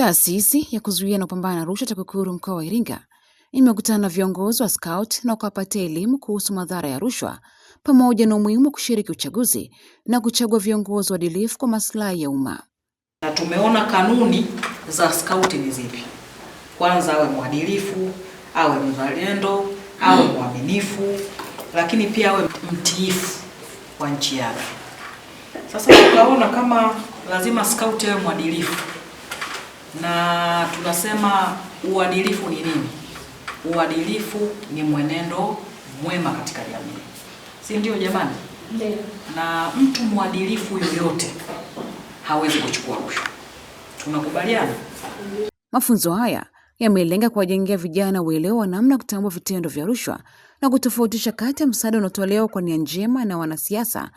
Taasisi ya kuzuia na kupambana na rushwa TAKUKURU mkoa wa Iringa imekutana na viongozi wa Scout na kuwapatia elimu kuhusu madhara ya rushwa pamoja na umuhimu wa kushiriki uchaguzi na kuchagua viongozi waadilifu kwa maslahi ya umma. Na tumeona kanuni za Scout ni zipi? Kwanza awe mwadilifu, awe mzalendo, awe mm. mwaminifu, lakini pia awe mtiifu kwa nchi yake. Sasa tukaona kama lazima Scout awe mwadilifu na tunasema uadilifu ni nini? Uadilifu ni mwenendo mwema katika jamii, si ndio jamani? Ndiyo. Na mtu mwadilifu yoyote hawezi kuchukua rushwa, tunakubaliana? Mafunzo haya yamelenga kuwajengea vijana uelewa wa namna kutambua vitendo vya rushwa na kutofautisha kati ya msaada unaotolewa kwa nia njema na wanasiasa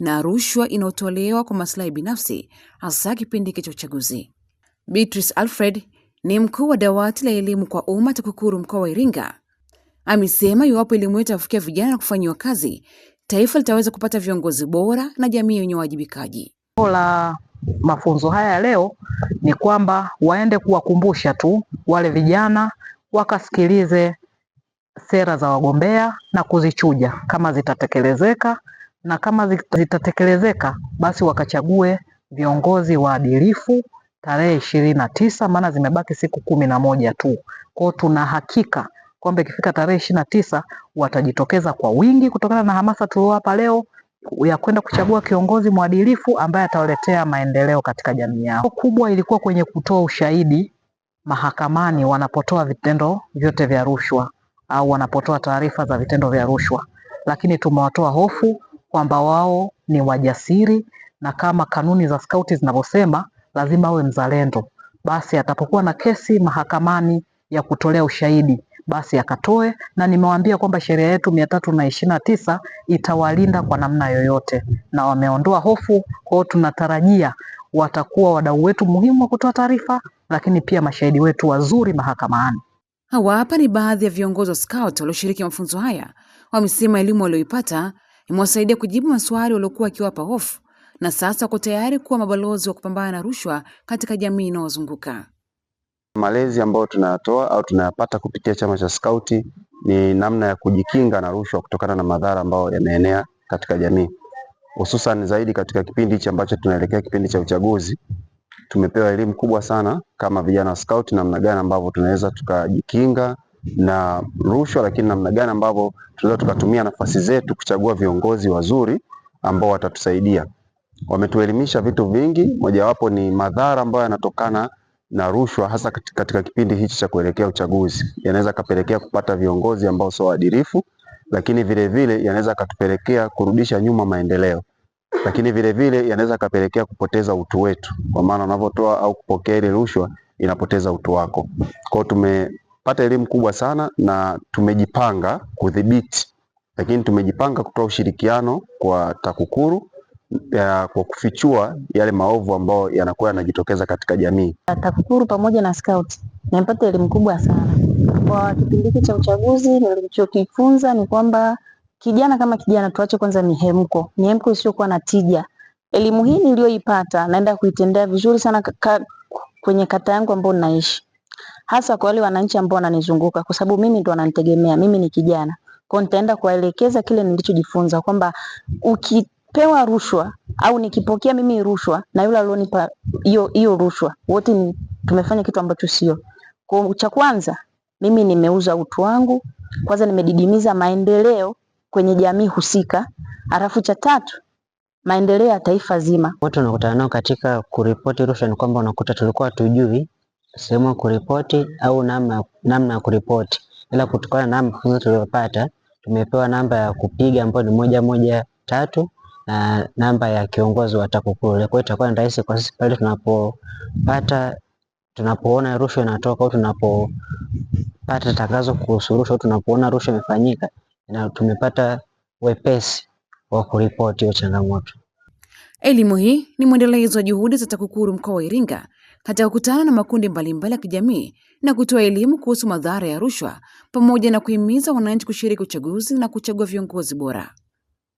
na rushwa inayotolewa kwa maslahi binafsi, hasa kipindi hiki cha uchaguzi. Beatrice Alfred ni mkuu wa dawati la elimu kwa umma TAKUKURU mkoa wa Iringa amesema iwapo elimu yetu yafikia vijana na kufanyiwa kazi, taifa litaweza kupata viongozi bora na jamii yenye uwajibikaji. La mafunzo haya ya leo ni kwamba waende kuwakumbusha tu wale vijana wakasikilize sera za wagombea na kuzichuja kama zitatekelezeka, na kama zitatekelezeka basi wakachague viongozi waadilifu tarehe ishirini na tisa maana zimebaki siku kumi na moja tu. Kwao tuna hakika kwamba ikifika tarehe ishirini na tisa watajitokeza kwa wingi kutokana na hamasa tuliowapa leo ya kwenda kuchagua kiongozi mwadilifu ambaye atawaletea maendeleo katika jamii yao. Kubwa ilikuwa kwenye kutoa ushahidi mahakamani wanapotoa vitendo vyote vya rushwa au wanapotoa taarifa za vitendo vya rushwa, lakini tumewatoa hofu kwamba wao ni wajasiri, na kama kanuni za skauti zinavyosema lazima awe mzalendo. Basi atapokuwa na kesi mahakamani ya kutolea ushahidi basi akatoe, na nimewaambia kwamba sheria yetu mia tatu na ishirini na tisa itawalinda kwa namna yoyote, na wameondoa hofu. kwao tunatarajia watakuwa wadau wetu muhimu wa kutoa taarifa, lakini pia mashahidi wetu wazuri mahakamani. Hawa hapa ni baadhi ya viongozi wa Scout walioshiriki mafunzo haya. Wamesema elimu walioipata imewasaidia kujibu maswali waliokuwa akiwapa hofu na sasa wako tayari kuwa mabalozi wa kupambana na rushwa katika jamii inayozunguka. Malezi ambayo tunayatoa au tunayapata kupitia chama cha skauti ni namna ya kujikinga na rushwa kutokana na madhara ambayo yameenea katika jamii, hususan zaidi katika kipindi hichi ambacho tunaelekea kipindi cha uchaguzi. Tumepewa elimu kubwa sana kama vijana wa skauti, namna gani ambavyo tunaweza tukajikinga na rushwa, lakini namna gani ambavyo tunaweza tukatumia nafasi zetu kuchagua viongozi wazuri ambao watatusaidia wametuelimisha vitu vingi, mojawapo ni madhara ambayo yanatokana na rushwa, hasa katika kipindi hichi cha kuelekea uchaguzi. Yanaweza kapelekea kupata viongozi ambao sio waadilifu, lakini vile yanaweza katupelekea kurudisha nyuma maendeleo, lakini vile yanaweza kapelekea kupoteza utu wetu, kwa maana unavyotoa au kupokea ile rushwa inapoteza utu wako. Kwao tumepata elimu kubwa sana na tumejipanga kudhibiti, lakini tumejipanga kutoa ushirikiano kwa TAKUKURU ya, kwa kufichua yale maovu ambayo yanakuwa yanajitokeza katika jamii. TAKUKURU pamoja na scout nimepata elimu kubwa sana kwa kipindi hiki cha uchaguzi. Nilichokifunza ni kwamba kijana kama kijana, tuache kwanza mihemko, mihemko isiyokuwa na tija. Elimu hii niliyoipata naenda kuitendea vizuri sana ka, kwenye kata yangu ambayo ninaishi, hasa kwa wale wananchi ambao wananizunguka, kwa sababu mimi ndo wananitegemea. Mimi ni kijana, kwa nitaenda kuwaelekeza kile nilichojifunza kwamba uki nikipewa rushwa au nikipokea mimi rushwa na yule alionipa hiyo hiyo rushwa, wote ni tumefanya kitu ambacho sio. Kwa cha kwanza, mimi nimeuza utu wangu, kwanza nimedidimiza maendeleo kwenye jamii husika, alafu cha tatu maendeleo ya taifa zima. Watu wanakutana nao katika kuripoti rushwa ni kwamba unakuta tulikuwa tujui sehemu ya kuripoti au namna namna ya kuripoti, ila kutokana na mafunzo tuliyopata tumepewa namba ya kupiga ambayo ni moja moja tatu na namba ya kiongozi wa TAKUKURU. Kwa hiyo itakuwa ni rahisi kwa sisi pale tunapopata tunapoona rushwa inatoka au tunapopata tangazo kuhusu rushwa au tunapoona rushwa imefanyika, na tumepata wepesi wa kuripoti hiyo changamoto. Elimu hii ni mwendelezo wa juhudi za TAKUKURU mkoa wa Iringa katika kukutana na makundi mbalimbali ya kijamii na kutoa elimu kuhusu madhara ya rushwa pamoja na kuhimiza wananchi kushiriki uchaguzi na kuchagua viongozi bora.